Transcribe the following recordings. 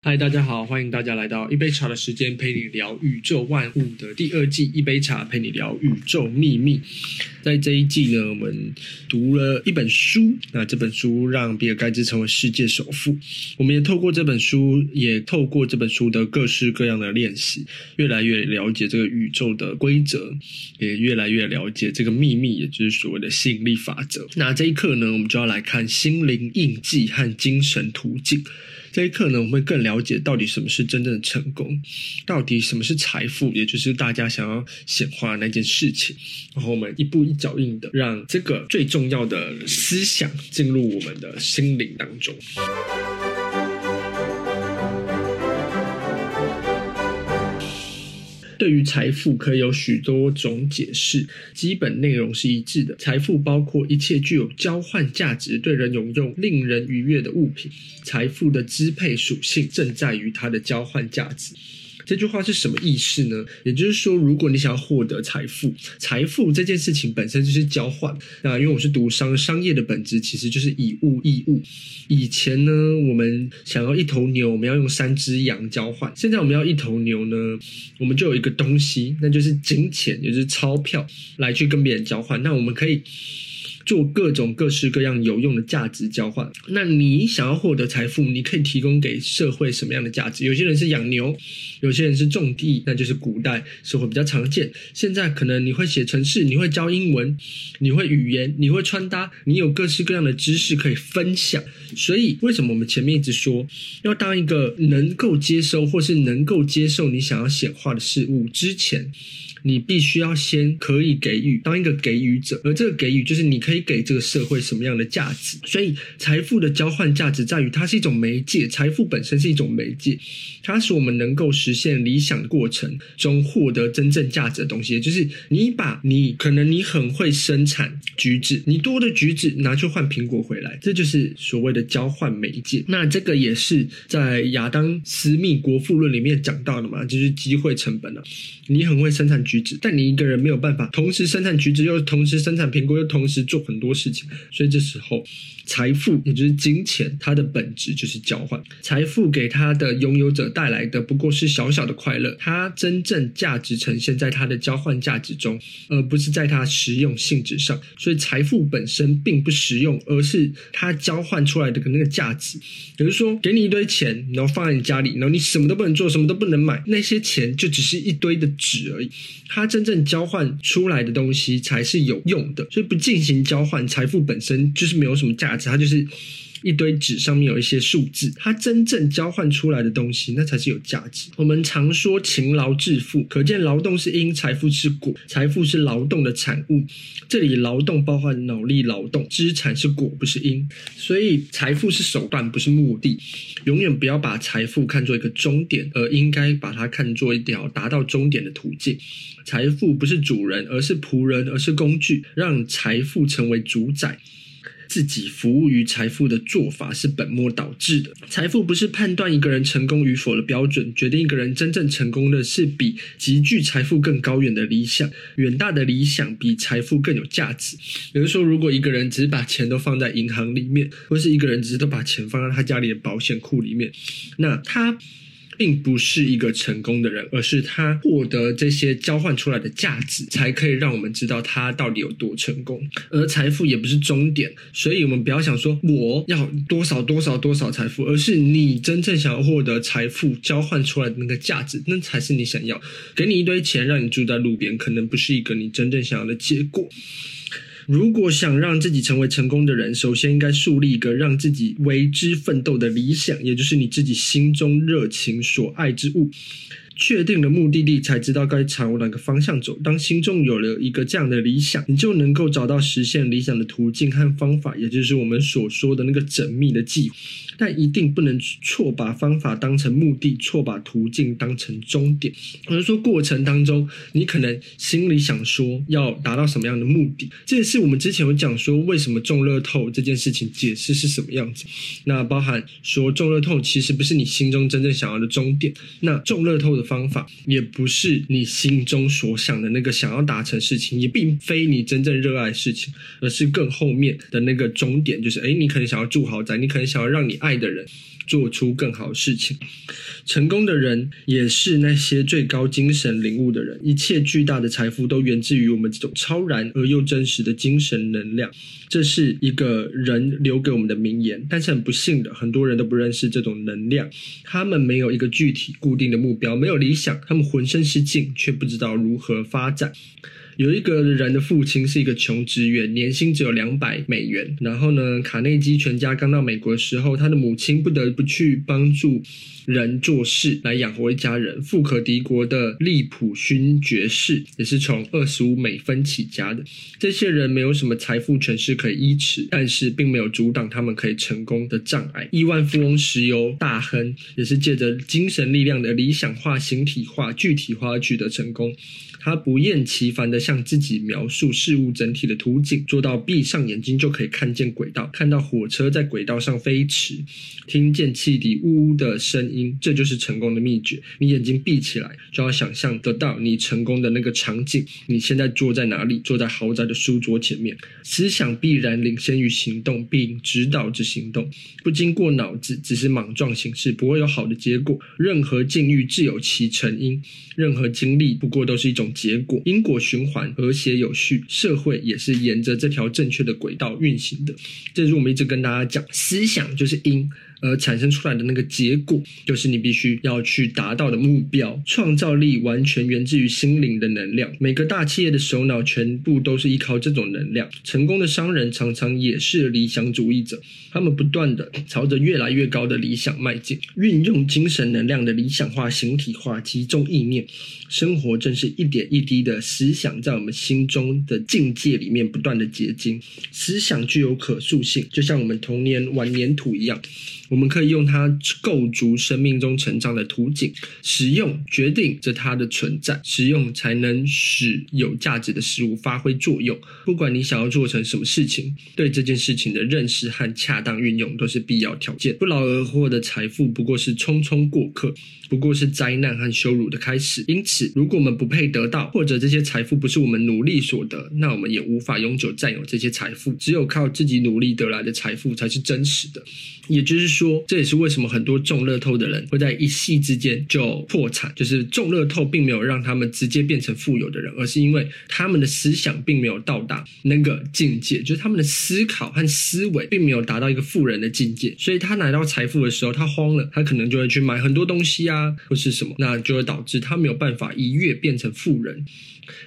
嗨，Hi, 大家好，歡迎大家來到一杯茶的時間，陪你聊宇宙萬物的第二季。一杯茶陪你聊宇宙秘密。在這一季呢，我們讀了一本書，那這本書讓比爾蓋茨成為世界首富。我們也透過這本書，也透過這本書的各式各樣的練習，越來越了解這個宇宙的規則，也越來越了解這個秘密，也就是所謂的吸引力法則。那這一課呢，我們就要來看心靈印記和精神途徑。這一課呢，我們會更了解到底什麼是真正的成功，到底什麼是財富，也就是大家想要顯化的那件事情。然後我們一步一腳印的，讓這個最重要的思想進入我們的心靈當中。對於財富可以有許多種解釋，基本內容是一致的。財富包括一切具有交換價值、對人有用、令人愉悅的物品。財富的支配屬性正在於它的交換價值。這句話是什麼意思呢？也就是說，如果你想要獲得財富，財富這件事情本身就是交換。那因為我是讀商，商業的本質其實就是以物易物。以前呢，我們想要一頭牛，我們要用三隻羊交換。現在我們要一頭牛呢，我們就有一個東西，那就是金錢，也就是鈔票，來去跟別人交換。那我們可以做各種各式各樣有用的價值交換。那你想要獲得財富，你可以提供給社會什麼樣的價值？有些人是養牛，有些人是種地，那就是古代社會比較常見。現在可能你會寫程式，你會教英文，你會語言，你會穿搭，你有各式各樣的知識可以分享。所以，為什麼我們前面一直說要當一個能夠接收或是能夠接受你想要顯化的事物之前？你必須要先可以給予，當一個給予者，而這個給予就是你可以給這個社會什麼樣的價值。所以財富的交換價值在於它是一種媒介，財富本身是一種媒介，它使我們能夠實現理想的過程中獲得真正價值的東西。就是你把你可能你很會生產橘子，你多的橘子拿去換蘋果回來，這就是所謂的交換媒介。那這個也是在亞當斯密《國富論》裡面講到的嘛，就是機會成本了、啊。你很會生產。橘子，但你一個人沒有辦法同時生產橘子，又同時生產蘋果，又同時做很多事情，所以這時候。財富，也就是金錢，它的本質就是交換。財富給它的擁有者帶來的不過是小小的快樂，它真正價值呈現在它的交換價值中，而不是在它實用性質上。所以，財富本身並不實用，而是它交換出來的那個價值。比如說，給你一堆錢，然後放在你家裡，然後你什麼都不能做，什麼都不能買，那些錢就只是一堆的紙而已。它真正交換出來的東西才是有用的。所以，不進行交換，財富本身就是沒有什麼價值。它就是一堆紙上面有一些數字，它真正交換出來的東西，那才是有價值。我們常說勤勞致富，可見勞動是因，財富是果，財富是勞動的產物。這裡勞動包括腦力勞動，資產是果不是因，所以財富是手段不是目的，永遠不要把財富看作一個終點，而應該把它看作一條達到終點的途徑。財富不是主人，而是僕人，而是工具，讓財富成為主宰。自己服務於財富的做法是本末倒置的。財富不是判斷一個人成功與否的標準，決定一個人真正成功的是比積聚財富更高遠的理想。遠大的理想比財富更有價值。比如說，如果一個人只是把錢都放在銀行裡面，或是一個人只是都把錢放在他家裡的保險庫裡面，那他。並不是一個成功的人，而是他獲得這些交換出來的價值，才可以讓我們知道他到底有多成功。而財富也不是終點，所以我們不要想說我要多少多少多少財富，而是你真正想要獲得財富交換出來的那個價值，那才是你想要。給你一堆錢，讓你住在路邊，可能不是一個你真正想要的結果。如果想讓自己成為成功的人，首先應該樹立一個讓自己為之奮鬥的理想，也就是你自己心中熱情所愛之物。確定了目的地，才知道該朝哪個方向走。當心中有了一個這樣的理想，你就能夠找到實現理想的途徑和方法，也就是我們所說的那個縝密的計劃。但一定不能錯把方法當成目的，錯把途徑當成終點。可能說，過程當中，你可能心裡想說要達到什麼樣的目的，這也是我們之前有講說，為什麼中樂透這件事情解釋是什麼樣子。那包含說中樂透其實不是你心中真正想要的終點。那中樂透的。方法也不是你心中所想的那個想要達成事情，也並非你真正熱愛事情，而是更後面的那個終點，就是哎，你可能想要住豪宅，你可能想要讓你愛的人。做出更好事情，成功的人也是那些最高精神領悟的人。一切巨大的財富都源自於我們這種超然而又真實的精神能量。這是一個人留給我們的名言，但是很不幸的，很多人都不認識這種能量。他們沒有一個具體固定的目標，沒有理想，他們渾身是勁，卻不知道如何發展。有一個人的父親是一個窮職員，年薪只有兩百美元。然後呢，卡內基全家剛到美國的時候，他的母親不得不去幫助。人做事來養活一家人，富可敵國的利普勳爵士也是從二十五美分起家的。這些人沒有什麼財富權勢可以依持，但是並沒有阻擋他們可以成功的障礙。億萬富翁、石油大亨也是借着精神力量的理想化、形體化、具體化而取得成功。他不厭其煩地向自己描述事物整體的圖景，做到閉上眼睛就可以看見軌道，看到火車在軌道上飛馳，聽見汽笛嗚嗚的聲音。這就是成功的祕訣。你眼睛閉起來，就要想象得到你成功的那個場景。你現在坐在哪裡？坐在豪宅的書桌前面。思想必然領先於行動，並指導着行動。不經過腦子，只是莽撞行事，不會有好的結果。任何境遇自有其成因，任何經歷不過都是一種結果。因果循環，和諧有序，社會也是沿着這條正確的軌道運行的。這是我們一直跟大家講，思想就是因。而產生出來的那個結果，就是你必須要去達到的目標。創造力完全源自於心靈的能量。每個大企業的首腦全部都是依靠這種能量。成功的商人常常也是理想主義者，他們不斷的朝着越來越高的理想邁進，運用精神能量的理想化、形體化、集中意念。生活正是一點一滴的思想在我們心中的境界裡面不斷的結晶。思想具有可塑性，就像我們童年玩粘土一樣。我們可以用它構築生命中成長的圖景。使用決定着它的存在，使用才能使有價值的事物發揮作用。不管你想要做成什麼事情，對這件事情的認識和恰當運用都是必要條件。不勞而獲的財富不過是匆匆過客，不過是災難和羞辱的開始。因此，如果我們不配得到，或者這些財富不是我們努力所得，那我們也無法永久佔有這些財富。只有靠自己努力得來的財富才是真實的，也就是說。說這也是為什麼很多中樂透的人會在一夕之間就破產。就是中樂透並沒有讓他們直接變成富有的人，而是因為他們的思想並沒有到達那個境界，就是他們的思考和思維並沒有達到一個富人的境界。所以他拿到財富的時候，他慌了，他可能就會去買很多東西啊，或是什麼，那就會導致他沒有辦法一躍變成富人。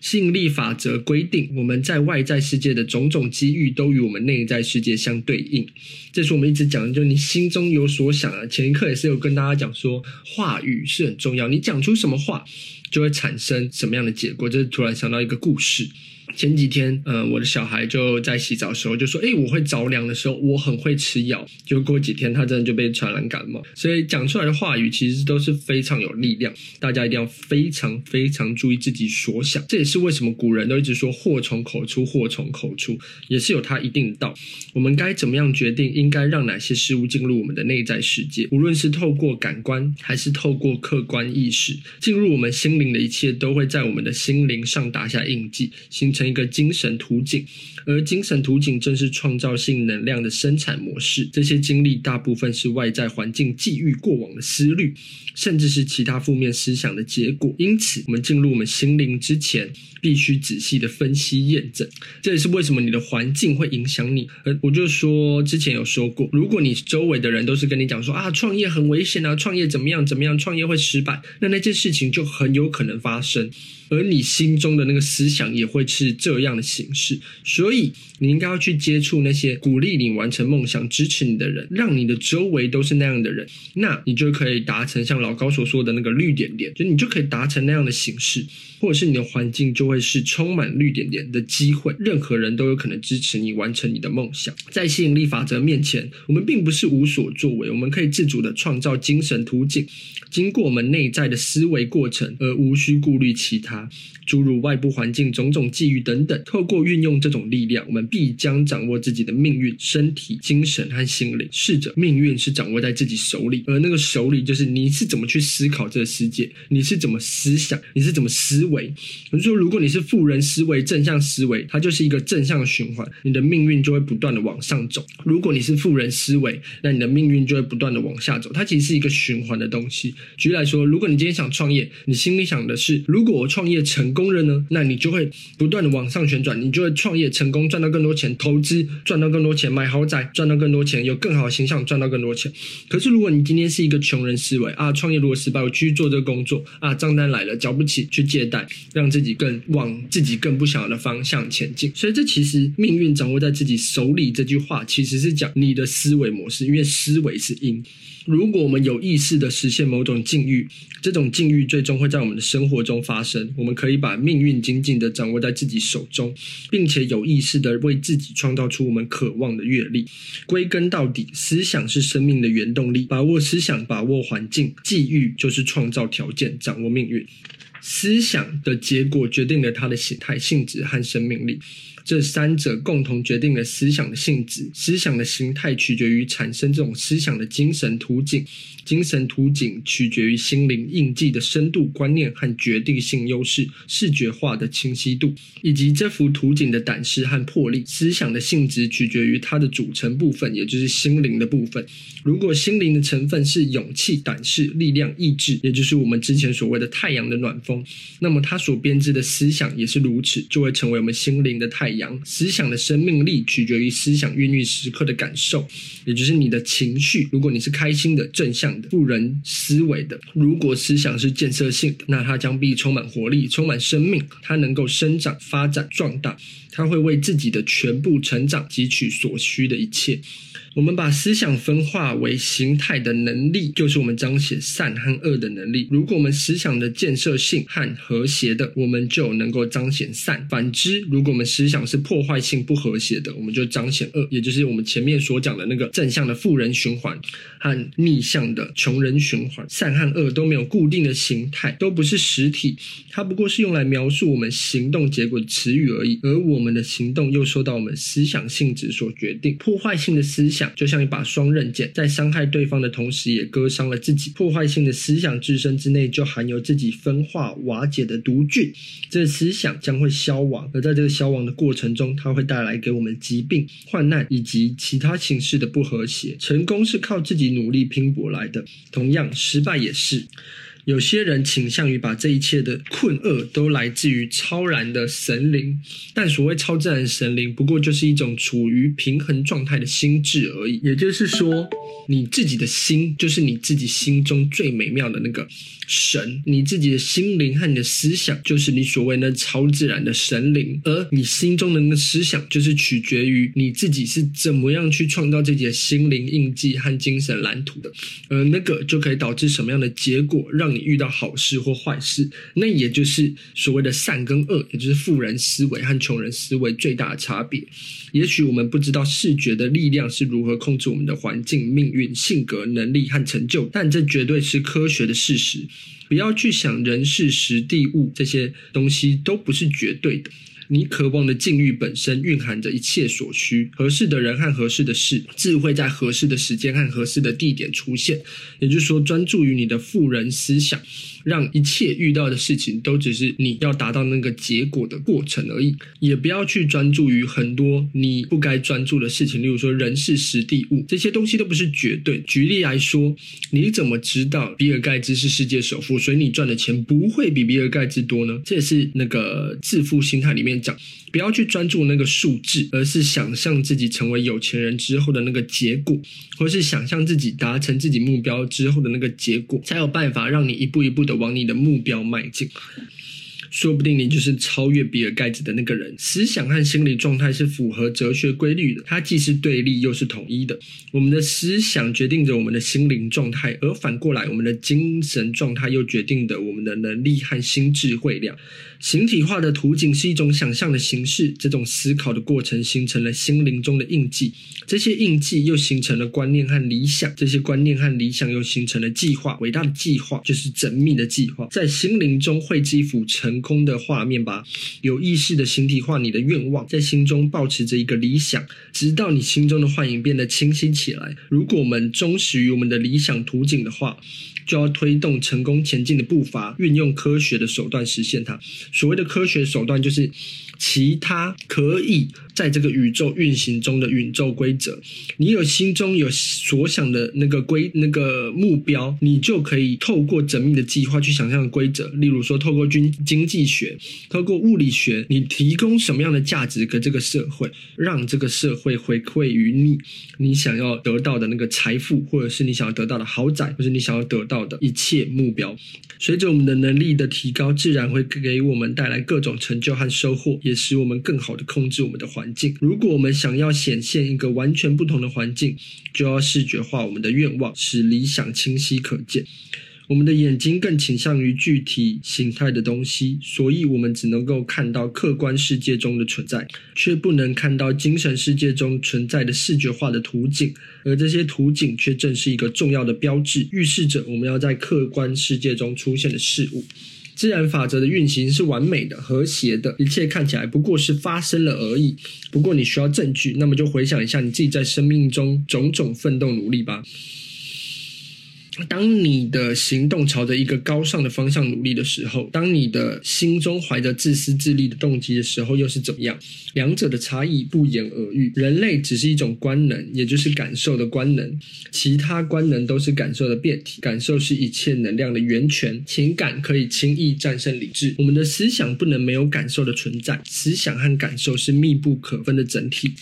吸引力法則規定，我們在外在世界的種種機遇都與我們內在世界相對應。這是我們一直講的，就是你心中有所想啊。前一刻也是有跟大家講說，話語是很重要，你講出什麼話，就會產生什麼樣的結果。這，就是突然想到一個故事。前幾天，嗯、呃，我的小孩就在洗澡的時候就說：“哎、欸，我會着涼的時候，我很會吃藥。”就過幾天，他真的就被傳染感冒。所以講出來的話語其實都是非常有力量，大家一定要非常非常注意自己所想。這也是為什麼古人都一直說“禍從口出，禍從口出”也是有它一定的道理。我們該怎麼樣決定應該讓哪些事物進入我們的內在世界？無論是透過感官，還是透過客觀意識進入我們心靈的一切，都會在我們的心靈上打下印記，形成。一個精神圖景，而精神圖景正是創造性能量的生產模式。這些經歷大部分是外在環境、際遇、過往的思慮，甚至是其他負面思想的結果。因此，我們進入我們心靈之前，必須仔細的分析驗證。這也是為什麼你的環境會影響你。呃，我就說之前有說過，如果你周圍的人都是跟你講說啊，創業很危險啊，創業怎麼樣怎麼樣，創業會失敗，那那件事情就很有可能發生，而你心中的那個思想也會是。這樣的形式，所以你應該要去接觸那些鼓勵你完成夢想、支持你的人，讓你的周圍都是那樣的人，那你就可以達成像老高所說的那個綠點點，就你就可以達成那樣的形式。或者是你的環境就會是充滿綠點點的機會，任何人都有可能支持你完成你的夢想。在吸引力法則面前，我們並不是無所作為，我們可以自主的創造精神途徑，經過我們內在的思維過程，而無需顧慮其他諸如外部環境、種種際遇等等。透過運用這種力量，我們必將掌握自己的命運、身體、精神和心靈。試着，命運是掌握在自己手裡，而那個手裡就是你是怎麼去思考這個世界，你是怎麼思想，你是怎麼思維。為，我就說如果你是富人思維，正向思維，它就是一個正向循環，你的命運就會不斷的往上走。如果你是富人思維，那你的命運就會不斷的往下走。它其實是一個循環的東西。舉例來說，如果你今天想創業，你心裡想的是，如果我創業成功了呢，那你就會不斷的往上旋轉，你就會創業成功，賺到更多錢，投資賺到更多錢，買豪宅賺到更多錢，有更好的形象賺到更多錢。可是如果你今天是一個窮人思維啊，創業如果失敗，我繼續做這個工作啊，賬單來了，繳不起，去借貸。讓自己更往自己更不想要的方向前進，所以這其實命運掌握在自己手裡這句話，其實是講你的思維模式，因為思維是因。如果我們有意識地實現某種境遇，這種境遇最終會在我們的生活中發生。我們可以把命運緊緊地掌握在自己手中，並且有意識地為自己創造出我們渴望的閱歷。歸根到底，思想是生命的原動力，把握思想，把握環境，際遇就是創造條件，掌握命運。思想的結果決定了它的形態、性質和生命力。這三者共同決定了思想的性質。思想的形態取決於產生這種思想的精神圖景，精神圖景取決於心靈印記的深度、觀念和決定性優勢、視覺化的清晰度，以及這幅圖景的膽識和魄力。思想的性質取決於它的組成部分，也就是心靈的部分。如果心靈的成分是勇氣、膽識、力量、意志，也就是我們之前所謂的“太陽的暖風”，那麼它所編織的思想也是如此，就會成為我們心靈的太陽。思想的生命力取決於思想孕育時刻的感受，也就是你的情緒。如果你是開心的、正向的、富人思維的，如果思想是建設性的，那它將必充滿活力、充滿生命，它能夠生長、發展、壯大。他會為自己的全部成長汲取所需的一切。我們把思想分化為形態的能力，就是我們彰顯善和惡的能力。如果我們思想的建設性和和諧的，我們就能夠彰顯善；反之，如果我們思想是破壞性、不和諧的，我們就彰顯惡。也就是我們前面所講的那個正向的富人循環和逆向的窮人循環。善和惡都沒有固定的形態，都不是實體，它不過是用來描述我們行動結果的詞語而已。而我。我們的行動又受到我們思想性質所決定。破壞性的思想就像一把雙刃劍，在傷害對方的同時，也割傷了自己。破壞性的思想自身之內就含有自己分化瓦解的毒菌，這個思想將會消亡。而在這個消亡的過程中，它會帶來給我們疾病、患難以及其他形式的不和諧。成功是靠自己努力拼搏來的，同樣，失敗也是。有些人傾向於把這一切的困厄都來自於超然的神靈，但所謂超自然神靈，不過就是一種處於平衡狀態的心智而已。也就是說，你自己的心，就是你自己心中最美妙的那個神，你自己的心靈和你的思想，就是你所謂那超自然的神靈，而你心中的那個思想，就是取決於你自己是怎麼樣去創造自己的心靈印記和精神藍圖的，而那個就可以導致什麼樣的結果，讓你遇到好事或壞事。那也就是所謂的善跟惡，也就是富人思維和窮人思維最大的差別。也許我們不知道視覺的力量是如何控制我們的環境、命運、性格、能力和成就，但這絕對是科學的事實。不要去想人、事、時、地、物，這些東西都不是絕對的。你渴望的境遇本身蘊含着一切所需，合適的人和合適的事，智慧在合適的時間和合適的地點出現。也就是說，專注於你的富人思想，讓一切遇到的事情都只是你要達到那個結果的過程而已。也不要去專注於很多你不該專注的事情，例如說人事時地物，這些東西都不是絕對。舉例來說，你怎麼知道比爾蓋茨是世界首富，所以你賺的錢不會比比爾蓋茨多呢？這也是那個致富心態裡面。不要去專注那個數字，而是想象自己成為有錢人之後的那個結果，或是想象自己達成自己目標之後的那個結果，才有辦法讓你一步一步的往你的目標邁進。說不定你就是超越比爾蓋茨的那個人。思想和心理狀態是符合哲學規律的，它既是對立又是統一的。我們的思想決定着我們的心靈狀態，而反過來，我們的精神狀態又決定着我們的能力和心智慧量。形體化的圖景是一種想象的形式，這種思考的過程形成了心靈中的印記，這些印記又形成了觀念和理想，這些觀念和理想又形成了計劃。偉大的計劃就是縝密的計劃，在心靈中匯集成。空的畫面吧，有意識的形體化你的願望，在心中保持着一個理想，直到你心中的幻影變得清晰起來。如果我們忠實於我們的理想圖景的話，就要推動成功前進的步伐，運用科學的手段實現它。所謂的科學手段，就是其他可以在這個宇宙運行中的宇宙規則。你有心中有所想的那個規那個目標，你就可以透過縝密的計劃去想象的規則。例如說，透過經經濟學，透過物理學，你提供什麼樣的價值給這個社會，讓這個社會回饋於你。你想要得到的那個財富，或者是你想要得到的豪宅，或者是你想要得到的。到的一切目標，隨着我們的能力的提高，自然會給我們帶來各種成就和收穫，也使我們更好的控制我們的環境。如果我們想要顯現一個完全不同的環境，就要視覺化我們的願望，使理想清晰可見。我們的眼睛更傾向於具體形態的東西，所以我們只能夠看到客觀世界中的存在，卻不能看到精神世界中存在的視覺化的圖景。而這些圖景卻正是一個重要的標誌，預示着我們要在客觀世界中出現的事物。自然法則的運行是完美的、和諧的，一切看起來不過是發生了而已。不過你需要證據，那麼就回想一下你自己在生命中種種奮鬥努力吧。當你的行動朝着一個高尚的方向努力的時候，當你的心中懷着自私自利的動機的時候，又是怎麼樣？兩者的差異不言而喻。人類只是一種官能，也就是感受的官能，其他官能都是感受的變體。感受是一切能量的源泉，情感可以輕易戰勝理智。我們的思想不能沒有感受的存在，思想和感受是密不可分的整體。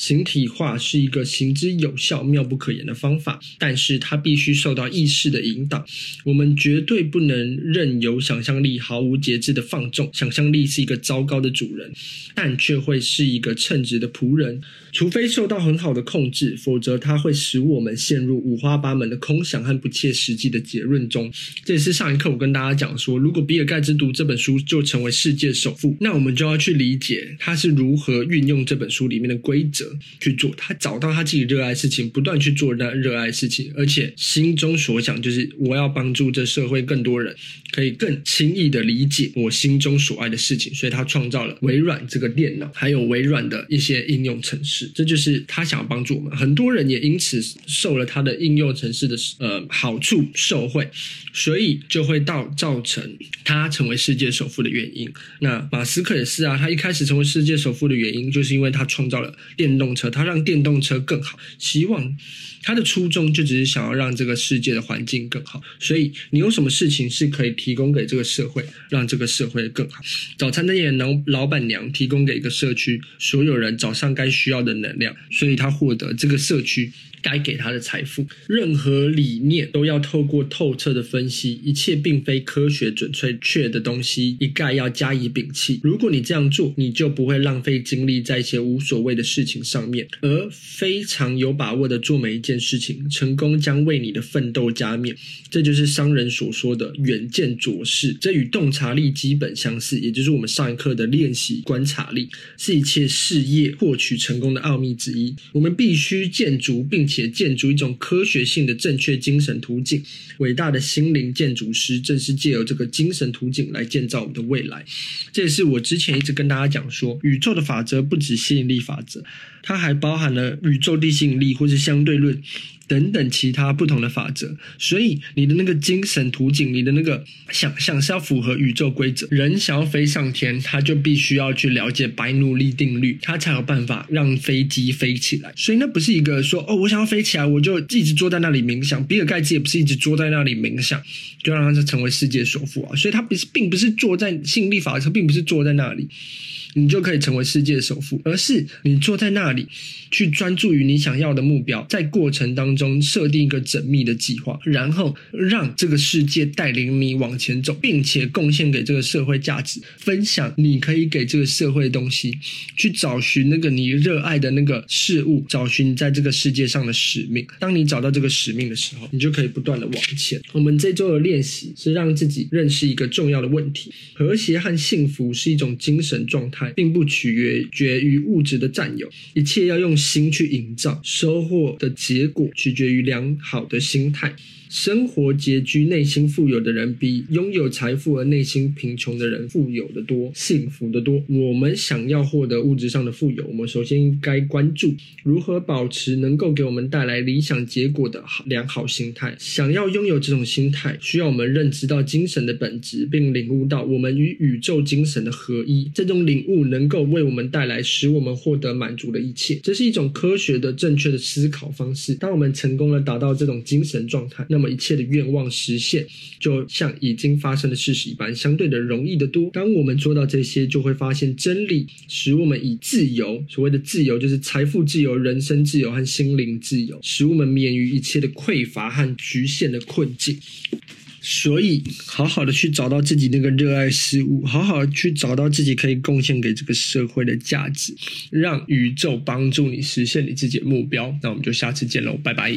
形體化是一個行之有效、妙不可言的方法，但是它必須受到意識的引導。我們絕對不能任由想象力毫無節制的放縱。想象力是一個糟糕的主人，但卻會是一個稱職的僕人，除非受到很好的控制，否則它會使我們陷入五花八門的空想和不切實際的結論中。這也是上一課我跟大家講說，如果比爾蓋茨讀這本書就成為世界首富，那我們就要去理解他是如何運用這本書裡面的規則。去做，他找到他自己熱愛的事情，不斷去做那熱愛事情，而且心中所想就是我要幫助這社會更多人可以更輕易的理解我心中所愛的事情，所以他創造了微軟這個電腦，還有微軟的一些應用程式，這就是他想要幫助我們。很多人也因此受了他的應用程式的呃好處受惠。所以就會到造成他成為世界首富的原因。那馬斯克也是啊，他一開始成為世界首富的原因，就是因為他創造了電腦。動車，它讓電動車更好，希望它的初衷就只是想要讓這個世界的環境更好。所以你有什麼事情是可以提供給這個社會，讓這個社會更好？早餐店老老板娘提供給一個社區所有人早上該需要的能量，所以她獲得這個社區。該給他的財富，任何理念都要透過透徹的分析。一切並非科學準確確的東西，一概要加以摒棄。如果你這樣做，你就不會浪費精力在一些無所謂的事情上面，而非常有把握的做每一件事情。成功將為你的奮鬥加冕。這就是商人所說的遠見卓識，這與洞察力基本相似，也就是我們上一課的練習。觀察力是一切事業獲取成功的奧秘之一。我們必須建築，並。且建築一種科學性的正確精神途徑，偉大的心靈建築師正是借由這個精神途徑來建造我們的未來。這也是我之前一直跟大家講說，宇宙的法則不止吸引力法則，它還包含了宇宙地心引力或是相對論，等等其他不同的法則，所以你的那個精神圖景，你的那個想象是要符合宇宙規則。人想要飛上天，他就必須要去了解白努利定律，他才有辦法讓飛機飛起來。所以那不是一個說哦，我想要飛起來，我就一直坐在那裡冥想。比爾蓋茨，也不是一直坐在那裡冥想，就讓他就成為世界首富啊。所以他不是，並不是坐在吸引力法則，並不是坐在那裡。你就可以成為世界首富，而是你坐在那裡，去專注於你想要的目標，在過程當中設定一個縝密的計劃，然後讓這個世界帶領你往前走，並且貢獻給這個社會價值，分享你可以給這個社會的東西，去找尋那個你熱愛的那個事物，找尋你在這個世界上的使命。當你找到這個使命的時候，你就可以不斷的往前。我們這週的練習是讓自己認識一個重要的問題，和諧和幸福是一種精神狀態。並不取決於物質的占有，一切要用心去營造，收穫的結果取決於良好的心態。生活拮据、內心富有的人，比擁有財富而內心貧窮的人富有的多、幸福的多。我們想要獲得物質上的富有，我們首先應該關注如何保持能夠給我們帶來理想結果的良好心態。想要擁有這種心態，需要我們認知到精神的本質，並領悟到我們與宇宙精神的合一。這種領悟能夠為我們帶來使我們獲得滿足的一切。這是一種科學的、正確的思考方式。當我們成功了達到這種精神狀態，那。那麼一切的願望實現，就像已經發生的事實一般，相對的容易得多。當我們做到這些，就會發現真理，使我們以自由。所謂的自由，就是財富自由、人生自由和心靈自由，使我們免於一切的匱乏和局限的困境。所以，好好的去找到自己那個熱愛事物，好好的去找到自己可以貢獻給這個社會的價值，讓宇宙幫助你實現你自己的目標。那我們就下次見嘍，拜拜。